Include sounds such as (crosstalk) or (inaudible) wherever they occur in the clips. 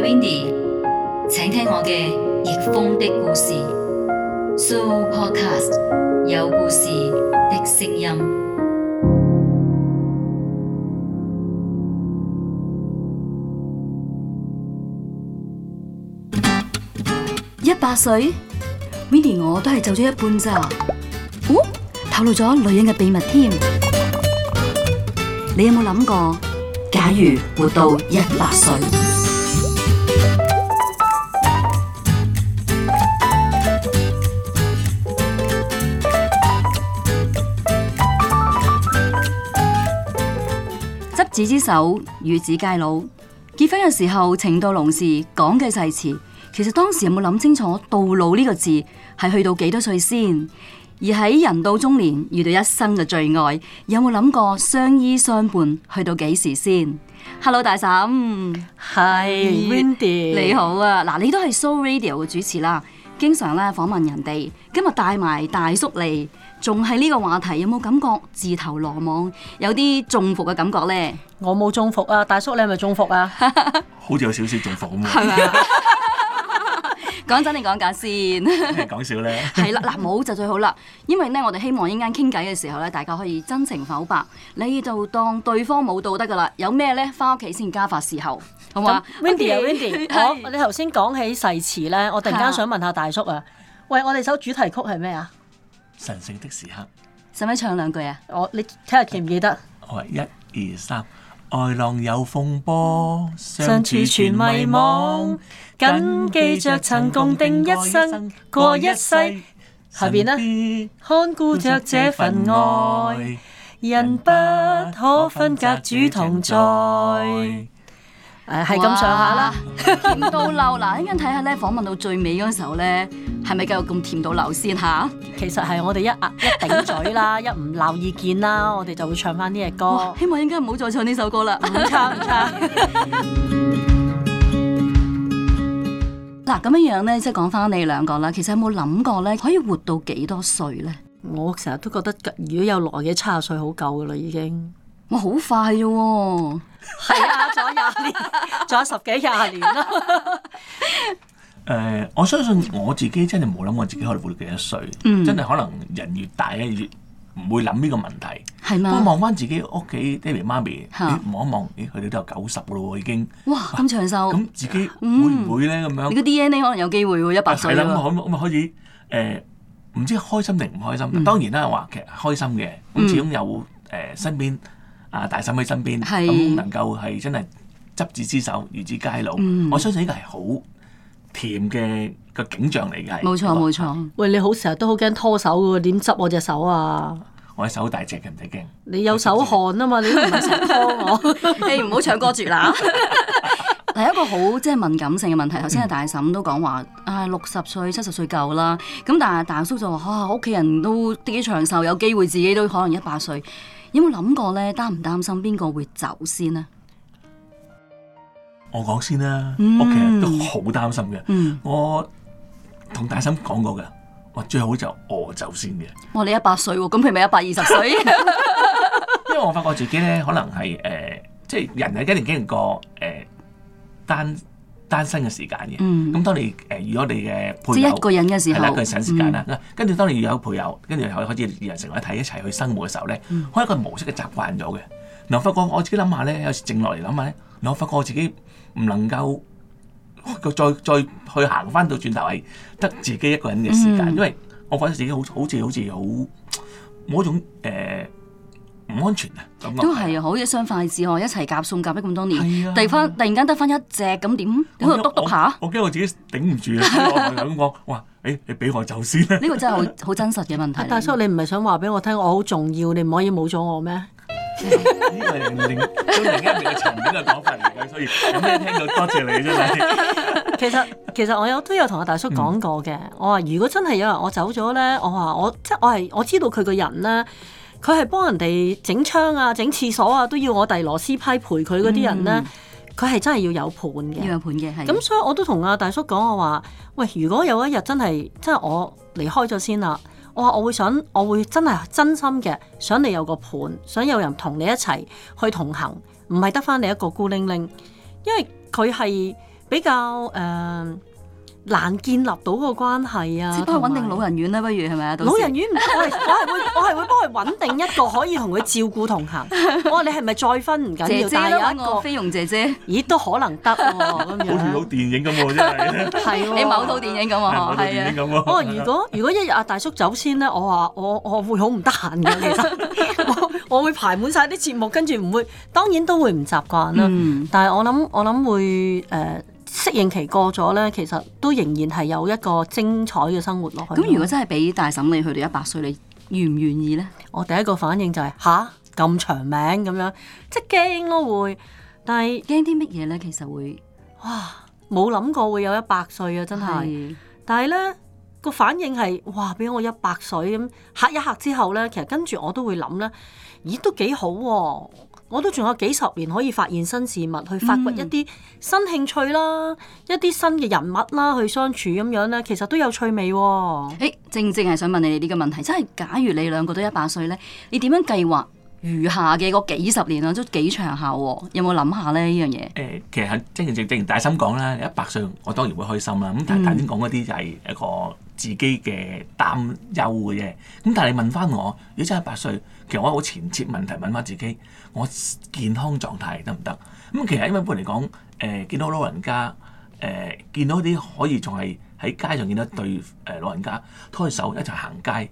喂，Wendy，請聽我嘅逆風的故事。So Podcast 有故事的聲音。一百歲，Wendy，我都係走咗一半咋？哦，透露咗女人嘅秘密添。你有冇諗過，假如活到一百歲？子之手與子偕老，結婚嘅時候情到濃時講嘅誓詞，其實當時有冇諗清楚“到老”呢個字係去到幾多歲先？而喺人到中年遇到一生嘅最愛，有冇諗過相依相伴去到幾時先？Hello，大嬸係 Hi, I'm Wendy，你好啊！嗱，你都係 So Radio 嘅主持啦，經常咧訪問人哋，今日帶埋大叔嚟。仲係呢個話題，有冇感覺自投羅網，有啲中伏嘅感覺咧？我冇中伏啊，大叔你係咪中伏啊？ (laughs) 好似有少少中伏咁啊！講真吧，定講假先。講笑咧。係 (laughs) 啦，嗱，冇就最好啦。因為咧，我哋希望呢間傾偈嘅時候咧，大家可以真情剖白。你就當對方冇道德噶啦，有咩咧，翻屋企先加法事候。好唔好？Wendy 啊，Wendy，好！你頭先講起誓詞咧，我突然間想問下大叔啊， (laughs) 喂，我哋首主題曲係咩啊？神聖的時刻，使唔使唱兩句啊？我你睇下記唔記得？喂，一二三，愛浪有風波，相處全迷惘，緊記着曾共定一生過一世，下邊呢，看顧着這份愛，人不可分隔，主同在。誒，係咁上下啦，樣 (laughs) 甜到漏。嗱，一陣睇下咧，訪問到最尾嗰時候咧，係咪繼續咁甜到漏先吓？ (laughs) 其實係我哋一壓一頂嘴啦， (laughs) 一唔鬧意見啦，我哋就會唱翻呢隻歌，哦。希望應該唔好再唱呢首歌啦。唔差唔差。嗱、嗯，咁、嗯嗯、 (laughs) 樣樣咧，即係講翻你兩個啦。其實有冇諗過咧，可以活到幾多歲咧？我成日都覺得，如果有落嚟嘅七十歲好夠㗎啦，已經。哇、哦，好快啫喎！係啊，仲有廿年，仲有十幾廿年啦。誒，我相信我自己真係冇諗過我自己可能活到幾多歲。真係可能人越大咧，越唔會諗呢個問題。係嘛，不過望翻自己屋企爹哋媽咪，望一望，咦，佢哋都有九十咯，已經。哇，咁長壽，咁自己會唔會咧？咁樣，你個 DNA 可能有機會一百歲。係啦，咁可咁啊開始誒，唔知開心定唔開心。當然啦，話其實開心嘅，咁始終有誒身邊。啊！大嬸喺身邊，咁是能夠係真係執子之手，與子偕老。嗯、我相信呢個係好甜嘅個景象嚟嘅。冇錯，冇、這個、錯。喂，你好成日都好驚拖手嘅喎，點執我隻手啊？我隻手好大隻嘅，唔使驚。你有手汗啊嘛，你唔好成日拖我。你唔好唱歌住啦。係 (laughs) (laughs) 一個好即係敏感性嘅問題。頭先係大嬸都講話啊，六、哎、十歲、七十歲夠啦。咁但係大叔就話：哇、啊，屋企人，人都幾長壽，有機會自己都可能一百歲。有冇諗過咧？擔唔擔心邊個會先走呢先咧？嗯、我講先啦，屋企人都好擔心嘅。我同大嬸講過嘅，我最好就我先走先嘅。哇，你一百歲，咁佢咪一百二十歲？ (laughs) (laughs) 因為我發覺自己咧，可能係誒、呃，即係人係一年經歷過誒、呃、單。單身嘅時間嘅，咁、嗯、當你誒，如果你嘅配一個人嘅時候，係啦，一個人時間啦。嗯、跟住當你要有配偶，跟住可可以開始二人成為一體一齊去生活嘅時候咧，開、嗯、一個模式嘅習慣咗嘅。然後我發覺我自己諗下咧，有時靜落嚟諗下咧，我發覺我自己唔能夠再再去行翻到轉頭係得自己一個人嘅時間，嗯、因為我覺得自己、嗯、好好似好似好冇一種、欸唔安全啊！都係是啊，了好似了一雙筷子喎，一齊夾餸夾咗咁多年，突然間，突然間得翻一隻，咁點？點去篤篤下？我驚我，我自己頂唔住我我、 (laughs) 哎、我啊！咁講，哇！誒，你俾我走先。呢個真係好好 (laughs) 真實嘅問題、啊。大叔，你唔係想話俾我聽，我好重要，你唔可以冇咗我咩？呢個係另都另一個層面嘅講法嚟嘅，所以我今日聽到多謝你真係。其實其實我有都有同阿大叔講過嘅，嗯、我話如果真係有人我走咗咧，我話我，我即我係我知道佢個人咧。佢係幫人哋整窗啊、整廁所啊，都要我遞螺絲批陪佢嗰啲人呢。佢係、嗯、真係要有伴嘅，要有伴嘅。咁所以我都同阿大叔講，我話：喂，如果有一日真係真係我離開咗先啦，我話我會想，我會真係真心嘅想你有個伴，想有人同你一齊去同行，唔係得返你一個孤零零，因為佢係比較誒。呃難建立到個關係啊！幫佢搵定老人院咧，不如係咪啊？老人院唔，我係我係會，我係會幫佢搵定一個可以同佢照顧同行。我話你係咪再婚唔緊要，但係有一個菲傭姐姐，咦都可能得喎。好似好電影咁喎，真係。係喎，你某套電影咁啊？係啊。我話如果如果一日阿大叔走先咧，我話我我會好唔得閒㗎。其實我我會排滿晒啲節目，跟住唔會，當然都會唔習慣啦。但係我諗我諗會誒。適應期過咗呢，其實都仍然係有一個精彩嘅生活落去。咁如果真係俾大嬸你去到一百歲，你願唔願意呢？我第一個反應就係，吓，咁長命咁樣，即係驚咯會。但係驚啲乜嘢呢？其實會哇冇諗過會有一百歲啊！真係。的但係呢個反應係哇俾我一百歲咁嚇一嚇之後呢，其實跟住我都會諗呢，咦，都幾好喎。我都仲有幾十年可以發現新事物，去發掘一啲新興趣啦，嗯、一啲新嘅人物啦，去相處咁樣咧，其實都有趣味喎、哦欸。正正係想問你哋呢個問題，真係假如你兩個都一百歲咧，你點樣計劃餘下嘅嗰幾十年啊？都幾長壽、哦，有冇諗下咧呢樣嘢？誒、這個欸，其實係正正正正大心講啦，一百歲我當然會開心啦、啊。咁但係大心講嗰啲就係一個。自己嘅擔憂嘅嘢，咁但係你問翻我，如果真係八歲，其實我有個前設問題問翻自己，我健康狀態得唔得？咁其實一般嚟講，誒見到老人家，誒見到啲可以仲係喺街上見到對誒老人家拖手一齊行街，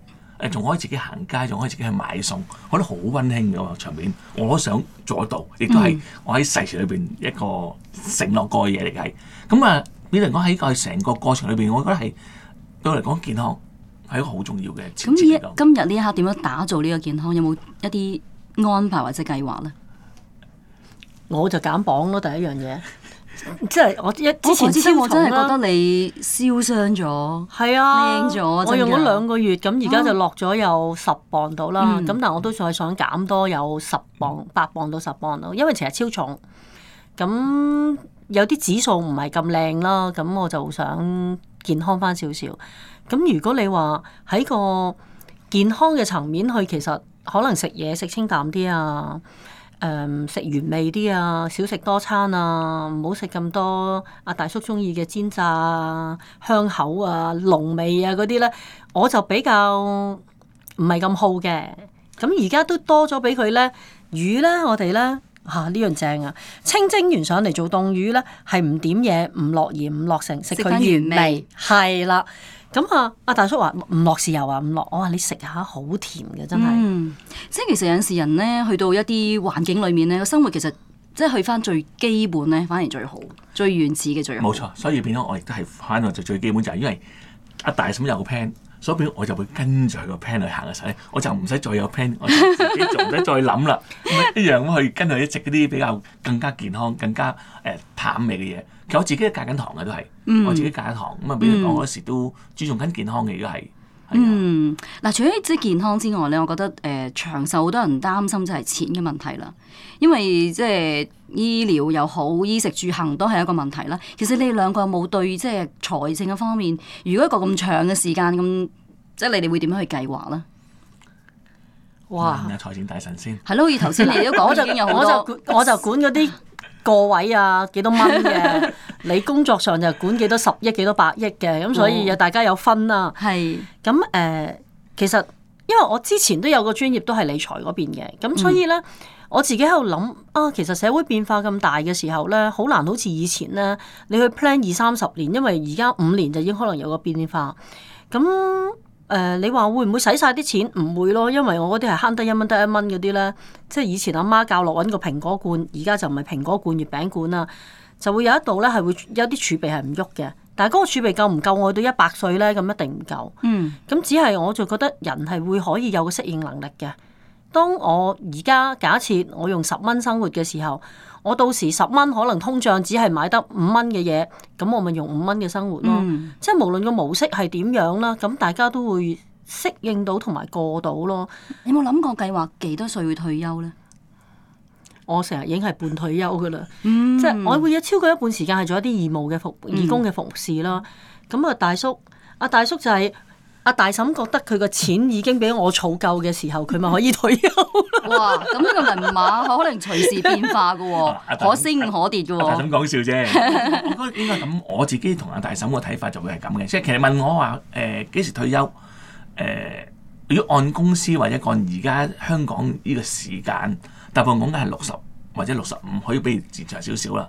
誒仲可以自己行街，仲可以自己去買餸，我覺得好溫馨嘅場面，我想做得到，亦都係我喺誓詞裏邊一個承諾過嘅嘢嚟嘅。咁啊，俾你講喺個成個過程裏邊，我覺得係。對我嚟講健康係一個好重要嘅。咁今日呢一刻點樣打造呢個健康？有冇一啲安排或者計劃咧？我就減磅咯，第一樣嘢。即 (laughs) 係我一我之前超重啦，覺得你燒傷咗，係啊，靚咗。我用咗兩個月，咁而家就落咗有十磅到啦。咁但我都再想減多有十磅八磅到十磅咯。因為其實超重，咁有啲指數唔係咁靚咯。咁我就想。健康翻少少，咁如果你話喺個健康嘅層面去，其實可能食嘢食清淡啲啊，誒、嗯、食原味啲啊，少食多餐啊，唔好食咁多阿大叔中意嘅煎炸啊、香口啊、濃味啊嗰啲咧，我就比較唔係咁好嘅，咁而家都多咗俾佢咧，魚咧我哋咧。嚇呢、啊、樣正啊！清蒸完上嚟做凍魚咧，係唔點嘢，唔落鹽，唔落成，食佢原味。係啦，咁啊，阿大叔話唔落豉油啊，唔落。我話你食下好甜嘅，真係。嗯，即係其實有陣時人咧，去到一啲環境裏面咧，個生活其實即係去翻最基本咧，反而最好、最原始嘅最好。冇錯，所以變咗我亦都係翻落，就最基本就係，因為阿大嬸又好平。所以我就會跟住佢個 plan 去行嘅時候，我就唔使再有 plan，我就自己做，唔使再諗啦，一樣咁去跟佢食嗰啲比較更加健康、更加誒、呃、淡味嘅嘢。其實我自己都戒緊糖嘅，都係、嗯、我自己戒緊糖咁啊！俾佢講我嗰時都注重緊健康嘅，如果係。嗯，嗱，除咗即係健康之外咧，我覺得誒、呃、長壽好多人擔心就係錢嘅問題啦，因為即係醫療又好，衣食住行都係一個問題啦。其實你哋兩個有冇對即係財政嘅方面，如果一個咁長嘅時間咁，即係你哋會點樣去計劃咧？哇！財政大臣先，係咯，以頭先你都講咗，我就我就管嗰啲。 (laughs) 個位啊，幾多蚊嘅？ (laughs) 你工作上就管幾多十億、幾多百億嘅，咁所以又大家有分啦、啊。係、哦，咁誒、呃，其實因為我之前都有個專業都係理財嗰邊嘅，咁所以咧，嗯、我自己喺度諗啊，其實社會變化咁大嘅時候咧，好難好似以前咧，你去 plan 二三十年，因為而家五年就已經可能有個變化，咁。誒、呃，你話會唔會使晒啲錢？唔會咯，因為我嗰啲係慳得一蚊得一蚊嗰啲咧，即係以前阿媽教落揾個蘋果罐，而家就唔係蘋果罐、月餅罐啦，就會有一度咧係會有啲儲備係唔喐嘅，但係嗰個儲備夠唔夠我到一百歲咧？咁一定唔夠。嗯，咁只係我就覺得人係會可以有個適應能力嘅。當我而家假設我用十蚊生活嘅時候，我到時十蚊可能通脹只係買得五蚊嘅嘢，咁我咪用五蚊嘅生活咯。嗯、即係無論個模式係點樣啦，咁大家都會適應到同埋過到咯。你有冇諗過計劃幾多歲會退休呢？我成日已經係半退休噶啦，嗯、即係我會有超過一半時間係做一啲義務嘅服、嗯、義工嘅服務啦。咁啊，大叔，阿大叔就係。阿大嬸覺得佢個錢已經畀我儲夠嘅時候，佢咪可以退休？ (laughs) 哇！咁呢個銀碼可能隨時變化嘅喎， (laughs) 啊、可升可跌嘅喎。啊啊、大嬸講笑啫， (laughs) 應該應咁。我自己同阿大嬸個睇法就會係咁嘅。即係其實問我話誒幾時退休？誒、呃，如果按公司或者按而家香港呢個時間，大部分講緊係六十或者六十五，可以畀你延長少少啦。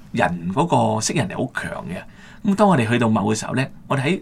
人嗰個適應力係好強嘅，咁當我哋去到某個時候咧，我哋喺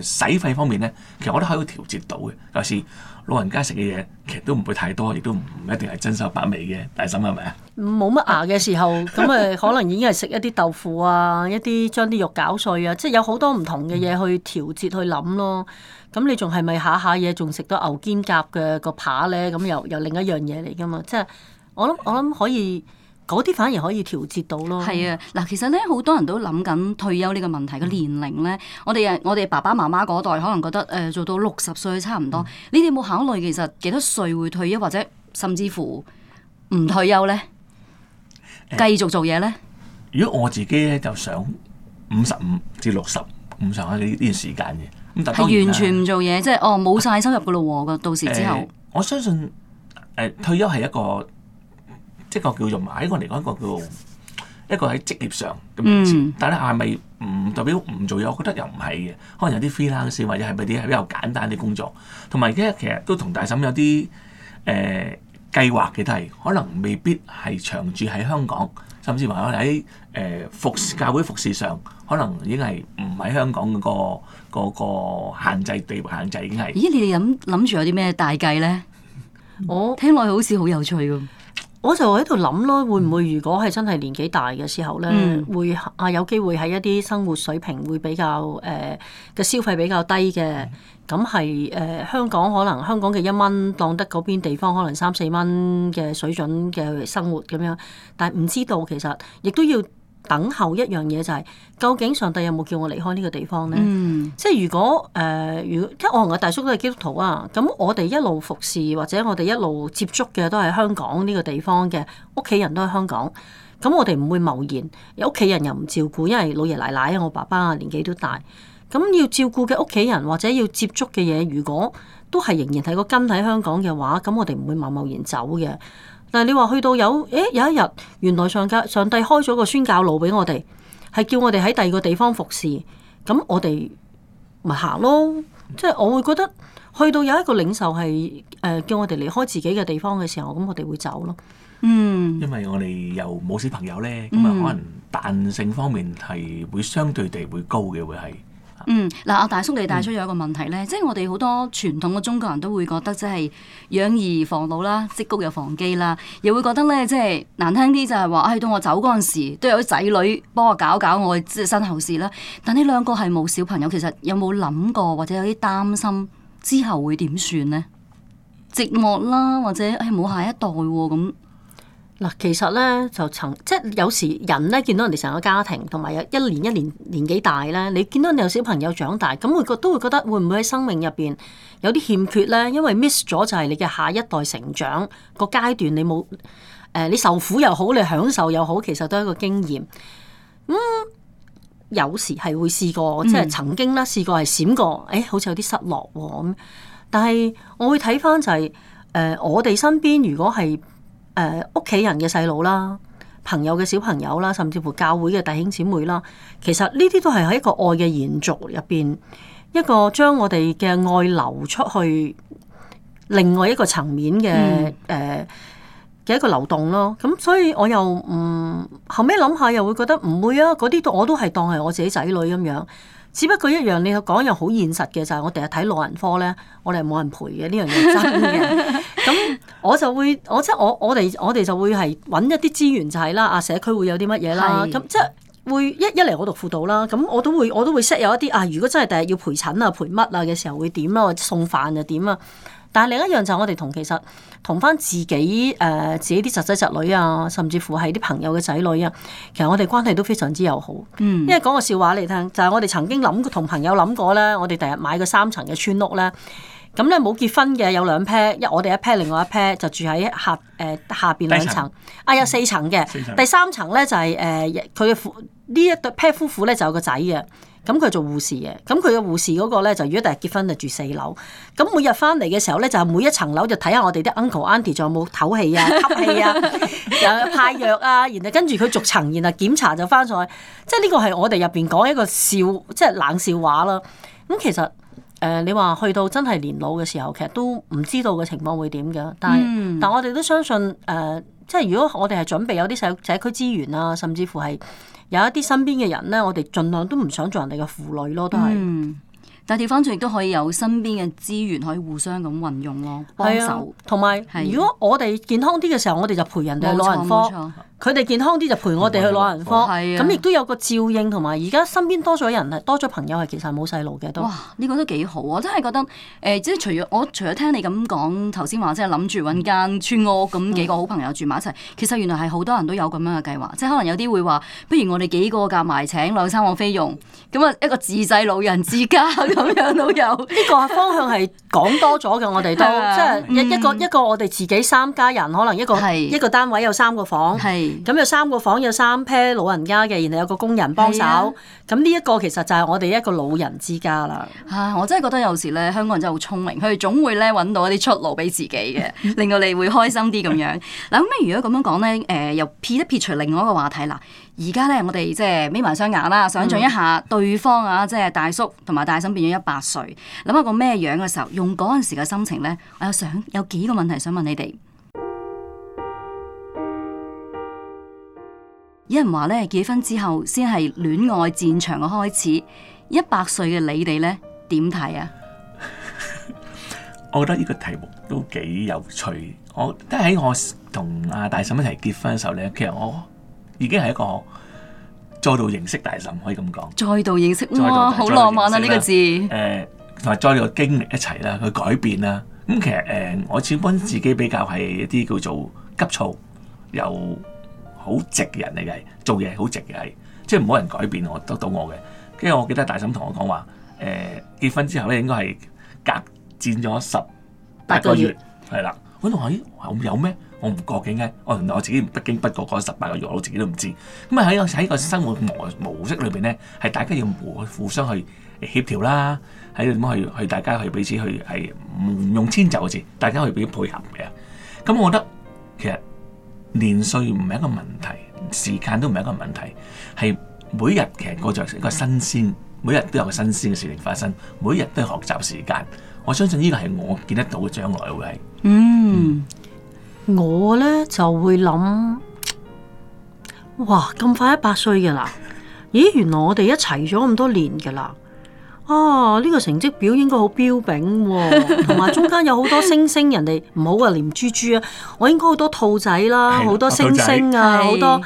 誒使費方面咧，其實我都可以調節到嘅。有時老人家食嘅嘢，其實都唔會太多，亦都唔一定係珍饈百味嘅。大嬸係咪啊？冇乜牙嘅時候，咁誒 (laughs) 可能已經係食一啲豆腐啊，一啲將啲肉攪碎啊，即係有好多唔同嘅嘢去調節去諗咯。咁、嗯、你仲係咪下下嘢仲食到牛肩甲嘅個扒咧？咁又又另一樣嘢嚟㗎嘛？即係我諗我諗可以。嗰啲反而可以調節到咯。係啊，嗱，其實咧好多人都諗緊退休呢個問題，個年齡咧、嗯，我哋啊，我哋爸爸媽媽嗰代可能覺得誒、呃、做到六十歲差唔多。嗯、你哋有冇考慮其實幾多歲會退休，或者甚至乎唔退休咧？欸、繼續做嘢咧？如果我自己咧就想五十五至六十、嗯、五上下呢段時間嘅，咁係完全唔做嘢，即、就、係、是、哦冇晒收入嘅咯、欸、到時之後、欸，我相信誒、欸、退休係一個、嗯。嗯。即係個叫做喺我嚟講一個叫做一個喺職業上嘅名字，但係咧係咪唔代表唔做嘢？我覺得又唔係嘅，可能有啲 freelance 或者係嗰啲比較簡單啲工作。同埋而家其實都同大嬸有啲誒計劃嘅，都係可能未必係長住喺香港，甚至乎喺誒服教會服侍上，可能已經係唔喺香港嗰個嗰個限制地域限制已經係。咦？你哋諗諗住有啲咩大計咧？我聽落去好似好有趣咁。我就喺度諗咯，會唔會如果係真係年紀大嘅時候咧，嗯、會啊有機會喺一啲生活水平會比較誒、呃、嘅消費比較低嘅，咁係誒香港可能香港嘅一蚊當得嗰邊地方可能三四蚊嘅水準嘅生活咁樣，但係唔知道其實亦都要。等候一樣嘢就係、是、究竟上帝有冇叫我離開呢個地方呢？嗯、即係如果誒，如果即係我同我大叔都係基督徒啊，咁我哋一路服侍或者我哋一路接觸嘅都係香港呢個地方嘅屋企人都係香港，咁我哋唔會貿然，屋企人又唔照顧，因為老爺奶奶我爸爸啊年紀都大，咁要照顧嘅屋企人或者要接觸嘅嘢，如果都係仍然係個根喺香港嘅話，咁我哋唔會貿貿然走嘅。嗱，但你話去到有，誒、欸、有一日，原來上家上帝開咗個宣教路俾我哋，係叫我哋喺第二個地方服侍。咁我哋咪行咯。即係我會覺得，去到有一個領袖係，誒、呃、叫我哋離開自己嘅地方嘅時候，咁我哋會走咯。嗯，因為我哋又冇小朋友咧，咁啊可能彈性方面係會相對地會高嘅，會係。嗯，嗱、啊，阿大叔你帶出有一個問題咧，嗯、即係我哋好多傳統嘅中國人都會覺得即係養兒防老啦，積穀又防饑啦，又會覺得咧即係難聽啲就係話，唉、哎，到我走嗰陣時都有啲仔女幫我搞搞我嘅身後事啦。但呢兩個係冇小朋友，其實有冇諗過或者有啲擔心之後會點算呢？寂寞啦，或者誒冇、哎、下一代喎、啊、咁。嗱，其實咧就曾即係有時人咧見到人哋成個家庭同埋有一年一年年紀大咧，你見到你有小朋友長大，咁會覺都會覺得會唔會喺生命入邊有啲欠缺咧？因為 miss 咗就係你嘅下一代成長個階段你，你冇誒你受苦又好，你享受又好，其實都係一個經驗。咁、嗯、有時係會試過，嗯、即係曾經咧試過係閃過，誒、哎、好似有啲失落喎，哦。但係我會睇翻就係、是、誒、呃、我哋身邊如果係。誒，屋企人嘅細路啦，朋友嘅小朋友啦，甚至乎教會嘅弟兄姊妹啦，其實呢啲都係喺一個愛嘅延續入邊，一個將我哋嘅愛流出去另外一個層面嘅誒嘅一個流動咯。咁所以我又唔、嗯、後尾諗下，又會覺得唔會啊！嗰啲我都係當係我自己仔女咁樣。只不過一樣，你講一樣好現實嘅就係，我哋睇老人科咧，我哋係冇人陪嘅，呢樣嘢真嘅。咁 (laughs) 我就會，我即係我我哋我哋就會係揾一啲資源就係啦，啊社區會有啲乜嘢啦，咁即係。會一一嚟我度輔導啦，咁我都會我都會 set 有一啲啊，如果真係第日要陪診啊、陪乜啊嘅時候會點啦、啊，或送飯就點啊。但係另一樣就我哋同其實同翻自己誒、呃、自己啲侄仔侄女啊，甚至乎係啲朋友嘅仔女啊，其實我哋關係都非常之友好。嗯、因為講個笑話嚟聽，就係、是、我哋曾經諗過同朋友諗過咧，我哋第日買個三層嘅村屋咧，咁咧冇結婚嘅有兩 pair，一我哋一 pair，另外一 pair 就住喺下誒、呃、下邊兩層,層啊，有四層嘅層第三層咧就係誒佢嘅。呃呢一對 pair 夫婦咧就有個仔嘅，咁佢做護士嘅，咁佢嘅護士嗰個咧就如果第日結婚就住四樓，咁每日翻嚟嘅時候咧就係每一層樓就睇下我哋啲 uncle auntie 仲有冇唞氣啊、吸氣啊，又派藥啊，然後跟住佢逐層然後檢查就翻上去，即係呢個係我哋入邊講一個笑，即係冷笑話啦。咁其實誒，你話去到真係年老嘅時候，其實都唔知道嘅情況會點㗎，但係、嗯、但我哋都相信誒。即係如果我哋係準備有啲社社區資源啊，甚至乎係有一啲身邊嘅人咧，我哋盡量都唔想做人哋嘅負累咯，都係、嗯。但係調翻轉亦都可以有身邊嘅資源可以互相咁運用咯，幫手。同埋、啊、的如果我哋健康啲嘅時候，我哋就陪人哋去攞人方。佢哋健康啲就陪我哋去老人科，咁亦都有個照應同埋，而家身邊多咗人多咗朋友係其實冇細路嘅。哇！呢個都幾好啊！真係覺得誒，即係除咗我除咗聽你咁講頭先話，即係諗住揾間村屋咁，幾個好朋友住埋一齊。其實原來係好多人都有咁樣嘅計劃，即係可能有啲會話，不如我哋幾個夾埋請兩三個菲傭，咁啊一個自製老人之家咁樣都有。呢個方向係講多咗嘅，我哋都即係一一個一個我哋自己三家人，可能一個一個單位有三個房。咁、嗯、有三個房，有三 pair 老人家嘅，然後有個工人幫手。咁呢一個其實就係我哋一個老人之家啦。嚇、啊！我真係覺得有時咧，香港人真係好聰明，佢哋總會咧揾到一啲出路俾自己嘅， (laughs) 令到你會開心啲咁樣。嗱咁 (laughs) 如果咁樣講咧，誒、呃、又撇一撇除另外一個話題啦。而家咧，我哋即係眯埋雙眼啦，想像一下對方啊，即係大叔同埋大嬸變咗一百歲，諗下個咩樣嘅時候，用嗰陣時嘅心情咧，我又想，我想有幾個問題想問你哋。有人話咧結婚之後先係戀愛戰場嘅開始，一百歲嘅你哋咧點睇啊？我覺得呢個題目都幾有趣。我即係喺我同阿大嬸一齊結婚嘅時候咧，其實我已經係一個再度認識大嬸，可以咁講。再度認識度哇，好浪漫啊！呢個字。誒、呃，同埋再度經歷一齊啦，去改變啦。咁、嗯、其實誒、呃，我始終自己比較係一啲叫做急躁又。好直嘅人嚟嘅，做嘢好直嘅，係即係冇人改變我得到我嘅。跟住我記得大嬸同我講話，誒、欸、結婚之後咧應該係隔佔咗十八個月，係啦。我同佢話咦有有咩？我唔過幾嘅。我，我原來我自己不經不覺過十八個月，我自己都唔知。咁啊喺個喺個生活模模式裏邊咧，係大家要互互相去協調啦，喺點去去大家去彼此去係唔用遷就嘅字，大家去彼此配合嘅。咁我覺得其實。年歲唔係一個問題，時間都唔係一個問題，係每日其實過着一個新鮮，每日都有個新鮮嘅事情發生，每日都係學習時間。我相信呢個係我見得到嘅將來會係。嗯，嗯我咧就會諗，哇，咁快一百歲㗎喇？咦，原來我哋一齊咗咁多年㗎喇。哦，呢、啊呢個成績表應該好標炳喎，同埋中間有好多星星， (laughs) 人哋唔好話連豬豬啊，我應該好多兔仔啦，好的多星星啊，多好多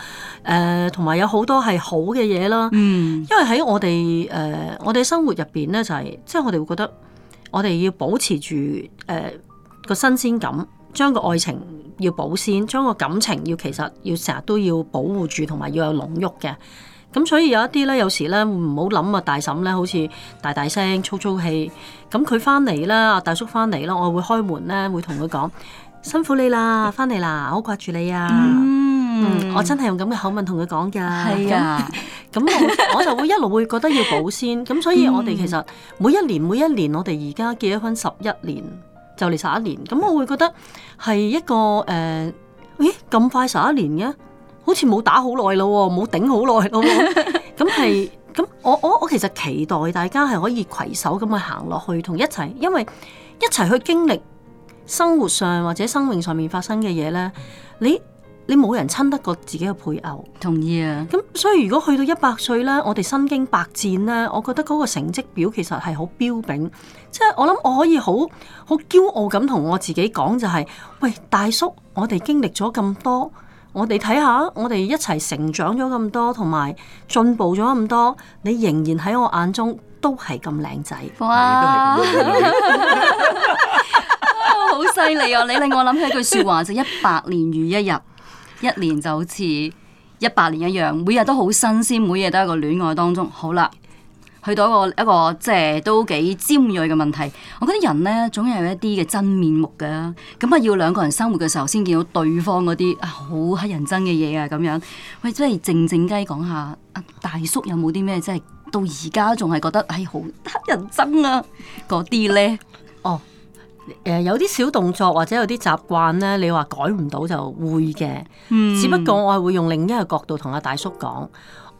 誒，同埋有好多係好嘅嘢啦。嗯，因為喺我哋誒、呃，我哋生活入邊咧就係、是，即、就、係、是、我哋會覺得我哋要保持住誒、呃那個新鮮感，將個愛情要保鮮，將個感情要其實要成日都要保護住，同埋要有濃郁嘅。咁所以有一啲咧，有時咧唔好諗啊！大嬸咧好似大大聲，粗粗氣。咁佢翻嚟啦，大叔翻嚟啦，我會開門咧，會同佢講辛苦你啦，翻嚟啦，好掛住你啊！嗯，嗯，我真係用咁嘅口吻同佢講㗎。係啊，咁 (laughs) 我就會一路會覺得要保鮮。咁所以我哋其實每一年每一年，我哋而家結咗婚十一年，就嚟十一年。咁我會覺得係一個誒、呃，咦咁快十一年嘅？好似冇打好耐咯，冇頂好耐咯，咁係咁我我我其實期待大家係可以攜手咁去行落去同一齊，因為一齊去經歷生活上或者生命上面發生嘅嘢咧，你你冇人親得過自己嘅配偶，同意啊？咁所以如果去到一百歲咧，我哋身經百戰咧，我覺得嗰個成績表其實係好標炳，即係我諗我可以好好驕傲咁同我自己講就係，喂，大叔，我哋經歷咗咁多。我哋睇下，我哋一齊成長咗咁多，同埋進步咗咁多，你仍然喺我眼中都係咁靚仔。哇！好犀利啊！你令我諗起一句説話，就係一百年如一日，一年就好似一百年一樣，每日都好新鮮，每日都喺個戀愛當中。好啦。去到一個一個即係都幾尖銳嘅問題，我覺得人呢，總有一啲嘅真面目嘅，咁啊要兩個人生活嘅時候先見到對方嗰啲啊好乞人憎嘅嘢啊咁樣。喂，即係靜靜雞講下，大叔有冇啲咩即係到而家仲係覺得係好乞人憎啊嗰啲呢？哦，誒有啲小動作或者有啲習慣呢，你話改唔到就會嘅。嗯，只不過我係會用另一個角度同阿大叔講。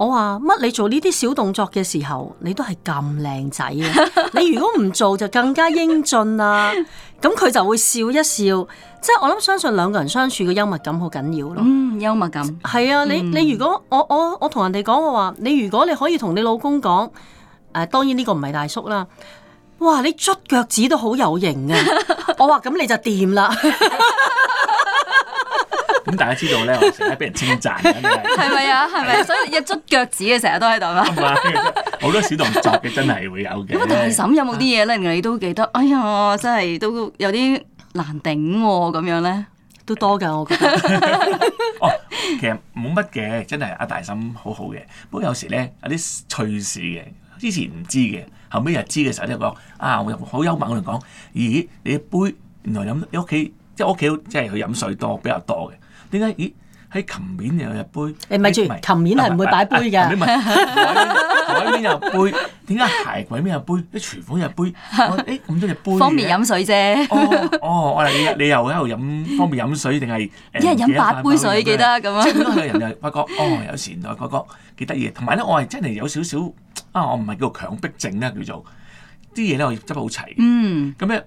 我話乜你做呢啲小動作嘅時候，你都係咁靚仔嘅。你如果唔做就更加英俊啦。咁佢就會笑一笑。即係我諗，相信兩個人相處嘅幽默感好緊要咯。嗯，幽默感係啊。你你如果我我我同人哋講我話，你如果你可以同你老公講，誒、呃，當然呢個唔係大叔啦。哇，你捽腳趾都好有型啊！我話咁你就掂啦。 (laughs) 咁大家知道咧，我成日俾人稱讚，係咪 (laughs) 啊？係咪？所以一卒腳趾嘅成日都喺度啊！好 (laughs) (laughs) 多小動作嘅真係會有嘅。阿大嬸有冇啲嘢咧？啊、你都記得？哎呀，真係都有啲難頂喎、啊、咁樣咧，都多㗎。我覺得、 (laughs) (laughs) 哦、其實冇乜嘅，真係阿大嬸好好嘅。不過有時咧有啲趣事嘅，之前唔知嘅，後尾日知嘅時候咧，講啊，我好幽默，我嚟講，咦，你一杯原來飲你屋企即係屋企即係佢飲水多比較多嘅。點解？咦？喺琴面又有日杯，你唔係住琴面係唔會擺杯㗎？台面有杯，點解鞋櫃面有杯？啲廚房有杯？誒咁多隻杯，方便飲水啫。哦哦，我係你又喺度飲方便飲水定係？一日飲八杯水，記得咁樣！即係人又發覺，哦，有時唔同個個幾得意，同埋咧，我係真係有少少啊！我唔係叫做強迫症啦，叫做啲嘢咧，我執好齊。嗯，咁樣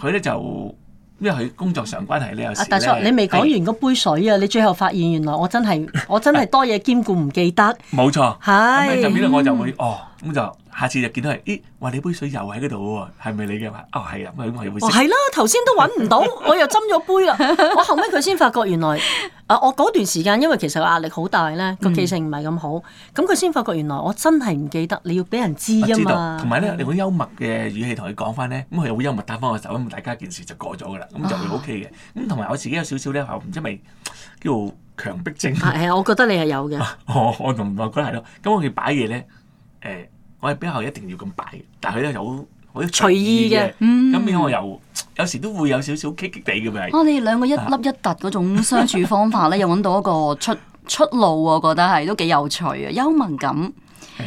佢咧就。因為佢工作上關係咧，有時咧叔，是你未講完嗰杯水啊，是你最後發現原來我真係 (laughs) 我真係多嘢兼顧唔記得。冇 (laughs) 錯，係咁之後我就會、嗯、哦，咁就。下次就見到係，咦？哇！你杯水又喺嗰度喎，係咪你嘅嘛？哦，係啊，咁我有杯水。係咯、哦，頭先都揾唔到， (laughs) 我又斟咗杯啦。我後尾佢先發覺原來，啊，我嗰段時間因為其實壓力好大咧，個記性唔係咁好，咁佢先發覺原來我真係唔記得，你要俾人知啊嘛。同埋咧，你好幽默嘅語氣同佢講翻咧，咁佢又好幽默打翻我手，咁大家件事就過咗噶啦，咁就會 OK 嘅。咁同埋我自己有少少咧，又唔知咪叫強迫症。係，我覺得你係有嘅。 (laughs) 我、嗯、我同佢講係咯，咁我哋擺嘢咧，誒、呃。我係比較一定要咁擺，但係佢咧有好隨意嘅，咁、嗯、樣我又有時都會有少少棘棘地嘅嘛。我哋、啊、兩個一粒一突嗰種相處方法咧， (laughs) 又揾到一個出出路，我覺得係都幾有趣啊！幽默感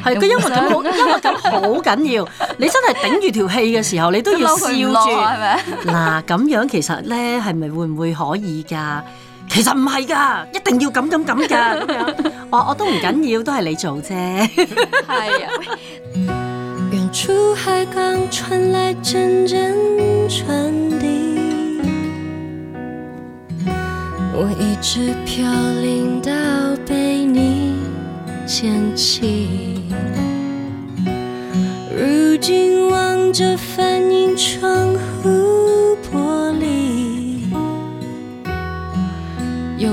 係個幽默感，好幽默感好緊要。 (laughs) 你真係頂住條氣嘅時候，你都要笑住係咪？嗱咁 (laughs) 樣其實咧，係咪會唔會可以㗎？其實唔係噶，一定要咁咁咁噶。我我都唔緊要，都係你做啫。係 (laughs) 啊。 (music) (music) 遠處海港傳來陣陣船笛，我一直飄零到被你牽起。如今望著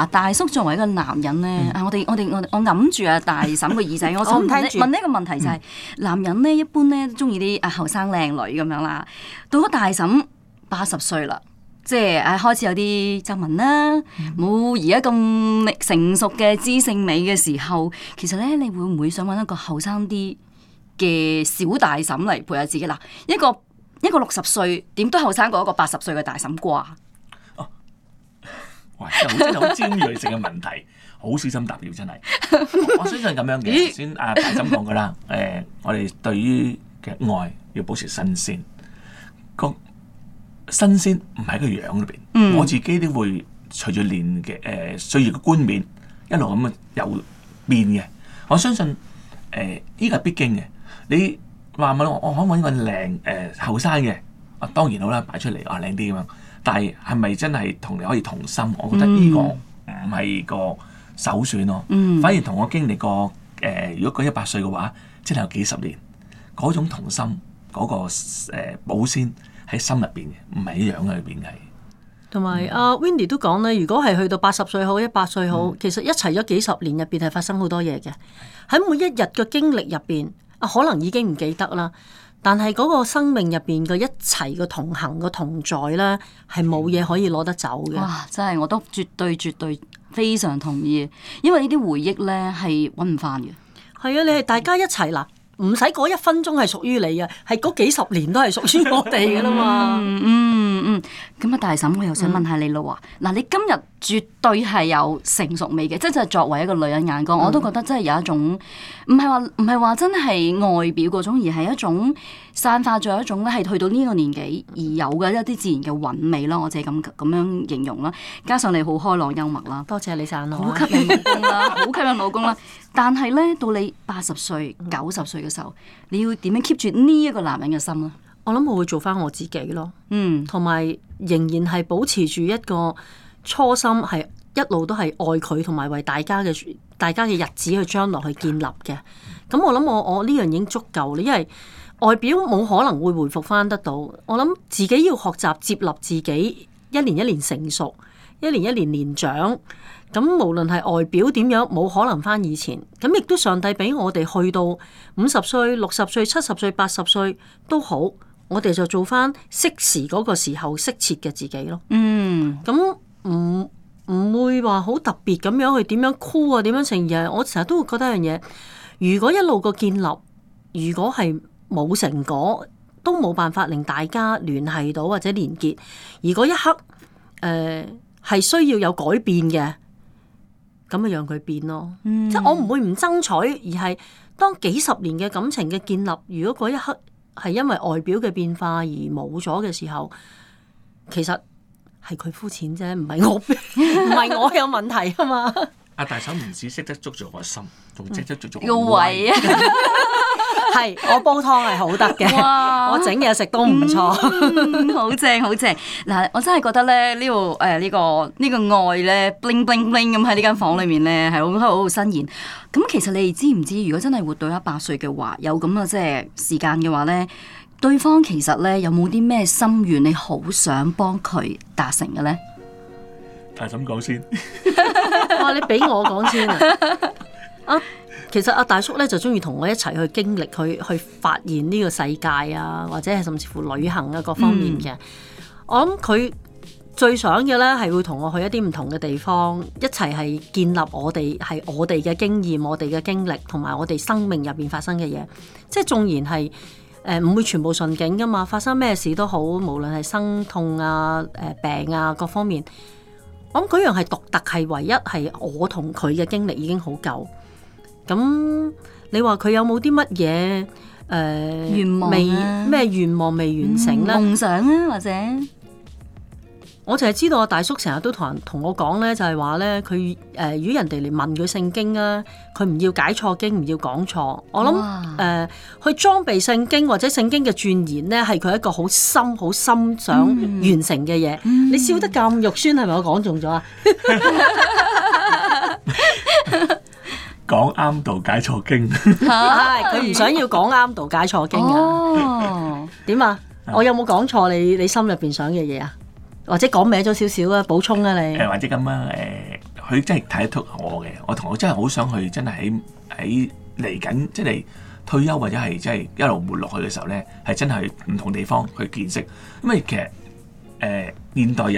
啊！大叔作為一個男人咧，嗯、我哋我哋我我揞住阿大嬸個耳仔，我想問呢 (laughs) 問呢個問題就係、是：嗯、男人咧一般咧中意啲啊後生靚女咁樣啦。到咗大嬸八十歲啦，即係開始有啲皺紋啦，冇而家咁成熟嘅知性美嘅時候，其實咧你會唔會想揾一個後生啲嘅小大嬸嚟陪下自己？嗱，一個一個六十歲點都後生過一個八十歲嘅大嬸啩？喂，真係好尖銳性嘅問題，好 (laughs) 小心答了，真係。我相信咁樣嘅，頭先阿大嬸講噶啦。誒、啊欸，我哋對於嘅愛要保持新鮮，個新鮮唔喺個樣裏邊。嗯、我自己都會隨住年嘅誒歲月嘅冠冕，一路咁啊有變嘅。我相信誒，呢個係必經嘅。你話問我，我可唔可以搵靚誒後生嘅？啊，當然好啦，擺出嚟，啊，靚啲咁樣。啊但係係咪真係同你可以同心？我覺得呢個唔係個首選咯、啊。嗯、反而同我經歷過誒、呃，如果佢一百歲嘅話，真係有幾十年嗰種同心嗰、嗰個、呃、保鮮喺心入邊嘅，唔係一樣嘅入邊係。同埋阿 Wendy 都講咧，如果係去到八十歲好，一百歲好，嗯、其實一齊咗幾十年入邊係發生好多嘢嘅。喺每一日嘅經歷入邊，啊可能已經唔記得啦。但係嗰個生命入邊嘅一齊嘅同行嘅同在咧，係冇嘢可以攞得走嘅。哇、啊！真係我都絕對絕對非常同意，因為呢啲回憶咧係搵唔翻嘅。係啊，你係大家一齊啦。唔使嗰一分鐘係屬於你嘅，係嗰幾十年都係屬於我哋嘅啦嘛。 (laughs) 嗯嗯咁啊、嗯、大嬸，我又想問下你、嗯、啦喎。嗱，你今日絕對係有成熟味嘅，即係作為一個女人眼光，嗯、我都覺得真係有一種，唔係話唔係話真係外表嗰種，而係一種散發咗一種咧，係去到呢個年紀而有嘅一啲自然嘅韻味咯。我自己咁咁樣形容啦，加上你好開朗幽默啦，多謝你晒，好吸引老公啦，好 (laughs) 吸引老公啦。 (laughs) 但係咧，到你八十歲、九十歲嘅時候，你要點樣 keep 住呢一個男人嘅心咧？我諗我會做翻我自己咯。嗯，同埋仍然係保持住一個初心，係一路都係愛佢，同埋為大家嘅大家嘅日子去將來去建立嘅。咁、嗯、我諗我我呢樣已經足夠啦，因為外表冇可能會回復翻得到。我諗自己要學習接納自己，一年一年成熟，一年一年年年長。咁無論係外表點樣，冇可能返以前。咁亦都上帝俾我哋去到五十歲、六十歲、七十歲、八十歲都好，我哋就做返適時嗰個時候適切嘅自己咯。嗯，咁唔唔會話好特別咁樣去點樣箍啊？點樣成？我成日都會覺得一樣嘢，如果一路個建立，如果係冇成果，都冇辦法令大家聯繫到或者連結。而嗰一刻，誒、呃、係需要有改變嘅。咁咪讓佢變咯，嗯、即係我唔會唔爭取，而係當幾十年嘅感情嘅建立，如果嗰一刻係因為外表嘅變化而冇咗嘅時候，其實係佢膚淺啫，唔係我，唔係 (laughs) 我有問題啊嘛。阿、 (laughs) 啊、大嫂唔止識得捉住我心，仲識得捉住我胃啊。 (laughs) 係，我煲湯係好得嘅，哇，我整嘢食都唔錯，好正好正。嗱、嗯啊，我真係覺得咧呢度誒呢個呢、呃呢個呢個愛咧，bling bling bling 咁喺呢嚀嚀嚀嚀嚀嚀間房裏面咧係好好新鮮。咁其實你知唔知，如果真係活到一百歲嘅話，有咁嘅即係時間嘅話咧，對方其實咧有冇啲咩心願你好想幫佢達成嘅咧？大嬸講先。哇！你俾我講先啊。其實阿大叔咧就中意同我一齊去經歷，去去發現呢個世界啊，或者係甚至乎旅行啊各方面嘅。嗯、我諗佢最想嘅咧係會同我去一啲唔同嘅地方一齊係建立我哋係我哋嘅經驗，我哋嘅經歷，同埋我哋生命入面發生嘅嘢。即係縱然係誒唔會全部順境㗎嘛，發生咩事都好，無論係生痛啊、誒、呃、病啊各方面，我諗嗰樣係獨特，係唯一係我同佢嘅經歷已經好夠。咁、嗯、你話佢有冇啲乜嘢，誒、呃，願望啊，未咩願望未完成啦？夢、嗯、想啊，或者我淨係知道阿大叔成日都同同我講咧，就係話咧，佢、誒，如果人哋嚟問佢聖經啊，佢唔要解錯經，唔要講錯。我諗、誒、佢裝哇、呃、備聖經或者聖經嘅鑽研咧，係佢一個好深、好心想完成嘅嘢。嗯嗯、你笑得咁肉酸，係咪我講中咗啊？ (laughs) 講啱道解錯經 (laughs) ，佢唔想要講啱道解錯經㗎。點、哦、啊？我有冇講錯你？你心入邊想嘅嘢啊？或者講歪咗少少啊？補充啊你？誒、呃、或者咁樣？誒、呃，佢真係睇得通我嘅。我同我真係好想去真，真係喺喺嚟緊，即係你退休或者係即係一路活落去嘅時候咧，係真係唔同地方去見識。因為其實誒、呃、現代人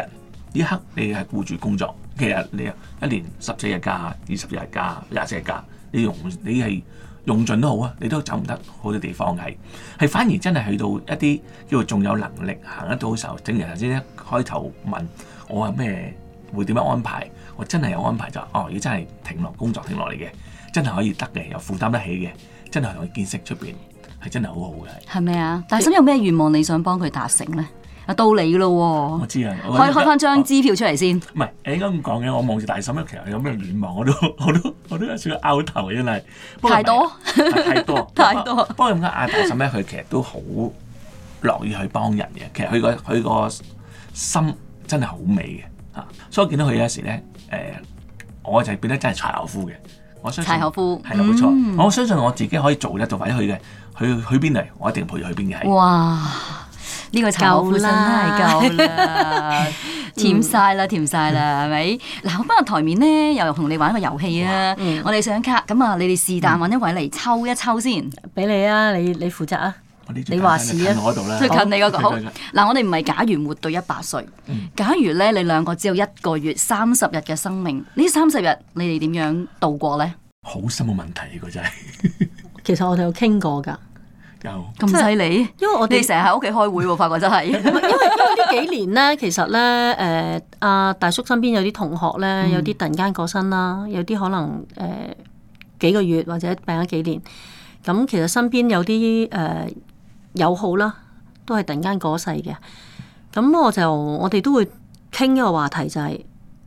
呢一刻你係顧住工作。其實你啊，一年十四日假、二十日假、廿四日假，你用你係用盡都好啊，你都走唔得好多地方係，係反而真係去到一啲叫做仲有能力行得到嘅時候，正如頭先一開頭問我話咩會點樣安排，我真係有安排就哦，如果真係停落工作停落嚟嘅，真係可以得嘅，又負擔得起嘅，真係可以見識出邊係真係好好嘅。係咪啊？大新有咩願望你想幫佢達成咧？到你咯！我知啊，可以開翻張支票出嚟。先唔係，你應該咁講嘅。我望住大嬸咧，其實有咩願望，我都我都我都有少少拗頭嘅啦。太多，太多，太多。不過點解阿大嬸咧，佢其實都好樂意去幫人嘅。其實佢個佢個心真係好美嘅吓。所以我見到佢有時咧，誒，我就係變得真係柴可夫嘅。我相信，柴可夫係啦，冇錯。我相信我自己可以做得到。或者佢嘅。佢去邊嚟，我一定陪住去邊嘅。哇！呢個夠啦，甜晒啦，甜晒啦，係咪？嗱，咁啊台面咧又同你玩個遊戲啊，我哋想卡，咁啊你哋是但揾一位嚟抽一抽先，俾你啊，你你負責啊，你話事啊，最近你嗰個嗱，我哋唔係假如活到一百歲，假如咧你兩個只有一個月三十日嘅生命，呢三十日你哋點樣度過咧？好深嘅問題啊，個仔，其實我哋有傾過噶。咁犀利，因為我哋成日喺屋企開會喎，發覺真係，因為呢幾年咧，其實咧，誒、呃、阿大叔身邊有啲同學咧，有啲突然間過身啦，有啲可能誒、呃、幾個月或者病咗幾年，咁其實身邊有啲誒友好啦，都係突然間過世嘅。咁我就我哋都會傾一個話題，就係，就係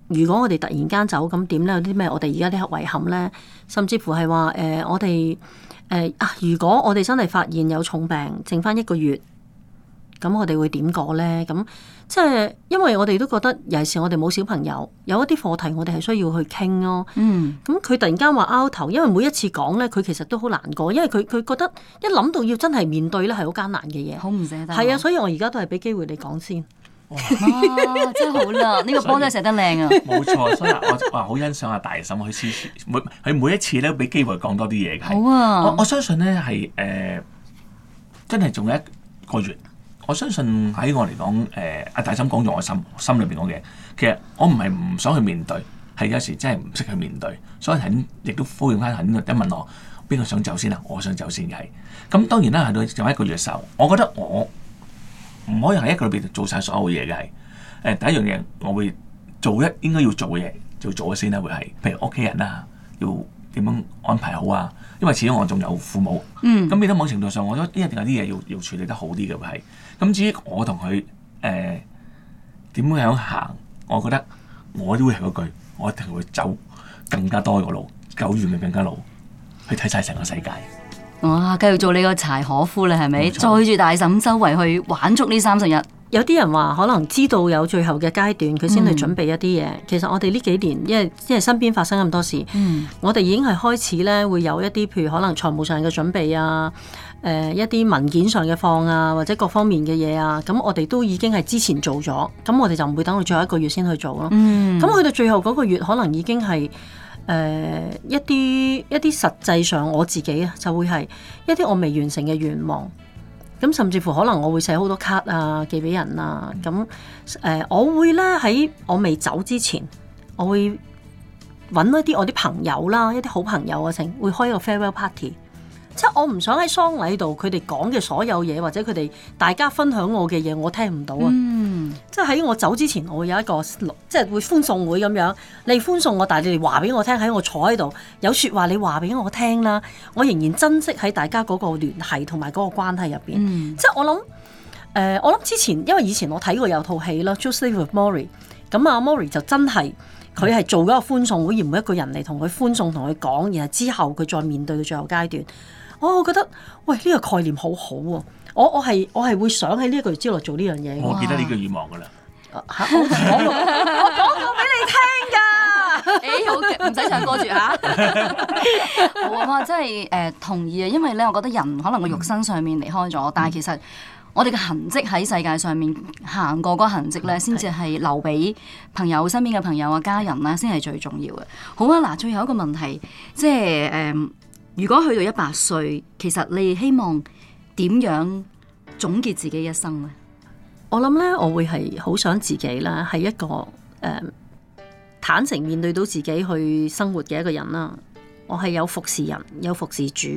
如果我哋突然間走，咁點咧？有啲咩我哋而家啲遺憾咧？甚至乎係話誒我哋。誒啊！如果我哋真係發現有重病，剩返一個月，咁我哋會點過咧？咁即係因為我哋都覺得，尤其是我哋冇小朋友，有一啲課題，我哋係需要去傾咯。嗯，咁佢突然間話拗頭，因為每一次講咧，佢其實都好難過，因為佢佢覺得一諗到要真係面對咧，係好艱難嘅嘢。好唔捨得。係啊，所以我而家都係俾機會你講先。哇， (laughs) 真好啦！呢以 (laughs) 個波真係食得靚啊！冇錯，所以我我好欣賞阿大嬸，佢每次每佢每一次咧，俾機會講多啲嘢。好啊！我我相信咧係誒，真係仲有一個月。我相信喺我嚟講，誒、呃、阿大嬸講咗我心心裏邊嘅嘢。其實我唔係唔想去面對，係有時真係唔識去面對。所以喺亦都呼應翻一問我邊個想走先啊？我想走先嘅係。咁當然啦，喺到仲有一個月嘅時候，我覺得我。唔可以喺一個裏邊做晒所有嘢嘅係，誒、呃、第一樣嘢我會做一應該要做嘅嘢就做咗先啦，會係，譬如屋企人啊，要點樣安排好啊，因為始終我仲有父母，咁、嗯、變到某程度上，我都一定有啲嘢要要處理得好啲嘅，會係。咁至於我同佢誒點樣行，我覺得我都會係嗰句，我一定會走更加多嘅路，久遠嘅更加路，去睇晒成個世界。哇！繼續做你個柴可夫啦，係咪？冇錯，載住大嬸周圍去玩足呢三十日。有啲人話可能知道有最後嘅階段，佢先去準備一啲嘢。嗯、其實我哋呢幾年，因為因為身邊發生咁多事，嗯、我哋已經係開始咧會有一啲譬如可能財務上嘅準備啊，誒、呃、一啲文件上嘅放啊，或者各方面嘅嘢啊，咁我哋都已經係之前做咗，咁我哋就唔會等到最後一個月先去做咯。咁去、嗯、到最後嗰個月，可能已經係。誒、呃、一啲一啲實際上我自己啊，就會係一啲我未完成嘅願望，咁甚至乎可能我會寫好多卡啊，寄俾人啊。咁誒、呃、我會咧喺我未走之前，我會揾一啲我啲朋友啦、啊，一啲好朋友啊，成會開一個 farewell party。即係我唔想喺喪禮度，佢哋講嘅所有嘢，或者佢哋大家分享我嘅嘢，我聽唔到啊！嗯、即係喺我走之前，我會有一個即係會歡送會咁樣，你歡送我，但係你哋話俾我聽，喺我坐喺度有説話，你話俾我聽啦。我仍然珍惜喺大家嗰個聯繫同埋嗰個關係入邊。嗯、即係我諗，誒、呃，我諗之前，因為以前我睇過有套戲啦，《Joseph of Maury》嗯。咁阿 Maury 就真係佢係做一個歡送會，而每一個人嚟同佢歡送，同佢講，然後之後佢再面對最後、最後階段。我覺得喂呢個概念好好、啊、喎，我我係我係會想喺呢一個月之內做呢樣嘢。我記得呢個願望噶啦，嚇！我講過俾你聽㗎，誒好唔使唱歌住嚇。好啊，即係誒同意啊，因為咧，我覺得人可能個肉身上面離開咗，嗯、但係其實我哋嘅痕跡喺世界上面行過嗰痕跡咧，先至係留俾朋友的身邊嘅朋友啊、家人啦，先係最重要嘅。好啊，嗱，最後一個問題，即係誒。呃如果去到一百歲，其實你希望點樣總結自己一生呢？我諗呢，我會係好想自己咧，係一個誒、呃、坦誠面對到自己去生活嘅一個人啦。我係有服侍人，有服侍主，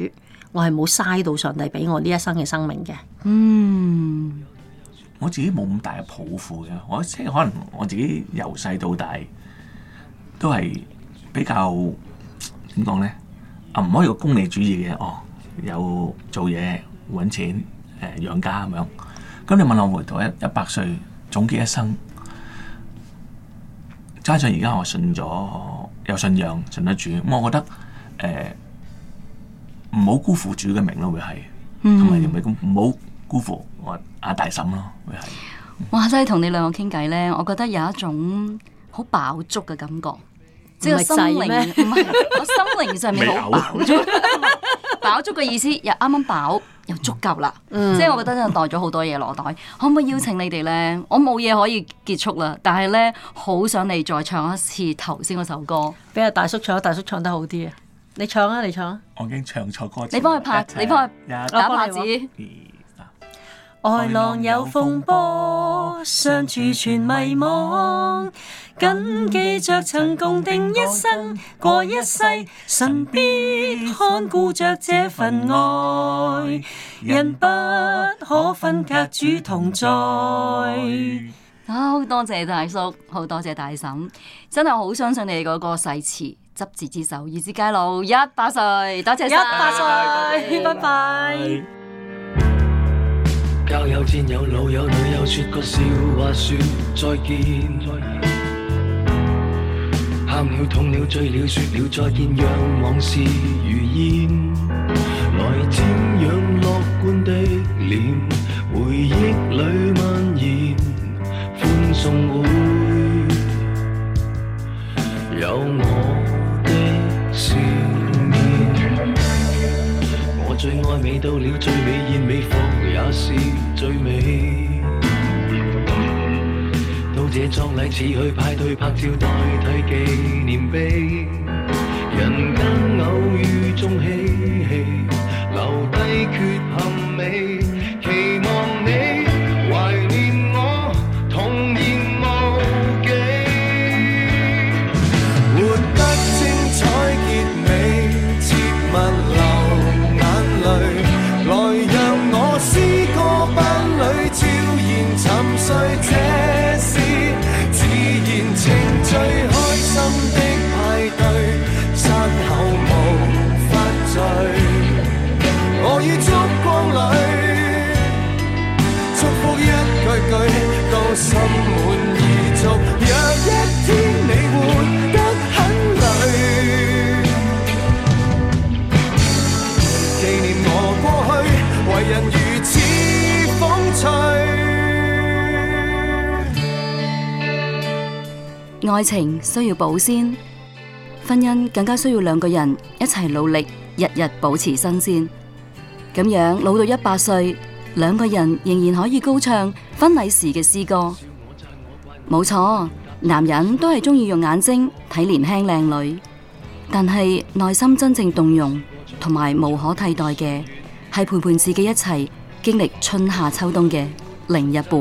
我係冇嘥到上帝俾我呢一生嘅生命嘅。嗯，我自己冇咁大嘅抱負嘅，我即可能我自己由細到大都係比較，點講呢？啊，唔可以個功利主義嘅哦，有做嘢揾錢誒、呃、養家咁樣。咁你問我回頭一一百歲總結一生，加上而家我信咗有信仰信得住，咁我覺得誒唔好辜負主嘅名咯，會係，同埋唔好辜負我阿大嬸咯，會係。嗯、哇！真係同你兩個傾偈咧，我覺得有一種好飽足嘅感覺。即係心靈唔係我心靈上面好飽足，飽足嘅意思又啱啱飽又足夠啦。嗯，即係我覺得真係袋咗好多嘢落袋，可唔可以邀請你哋咧？嗯，我冇嘢可以結束啦，但係咧，好想你再唱一次頭先嗰首歌，俾阿大叔唱，大叔唱得好啲啊！你唱啊，你唱啊！我已經唱錯歌，你幫佢拍，看你幫佢打拍子。外浪有風波，相處全迷惘。緊記着曾共定一生過一世，神必看顧着這份愛。人不可分隔，主同在。好多謝，謝大叔，好多謝，謝大嬸，真係好相信你嗰個誓詞，執子之手，與子偕老。一百歲，多謝，一百歲，拜拜。交友、戰友、老友女友説個笑話，説再見，再見喊了痛了醉了説了再見，讓往事如煙，來瞻仰樂觀的臉，回憶裏蔓延，歡送會有我。最愛美到了，最美艷美服也是最美。到這葬禮似去派對拍照，代替紀念碑。人間偶遇中嬉戲，留低缺陷美。愛情需要保鮮，婚姻更加需要兩個人一齊努力，日日保持新鮮。咁樣老到一百歲，兩個人仍然可以高唱婚禮時嘅詩歌。冇錯，男人都係中意用眼睛睇年輕靚女，但係內心真正動容同埋無可替代嘅，係陪伴自己一齊經歷春夏秋冬嘅另一半。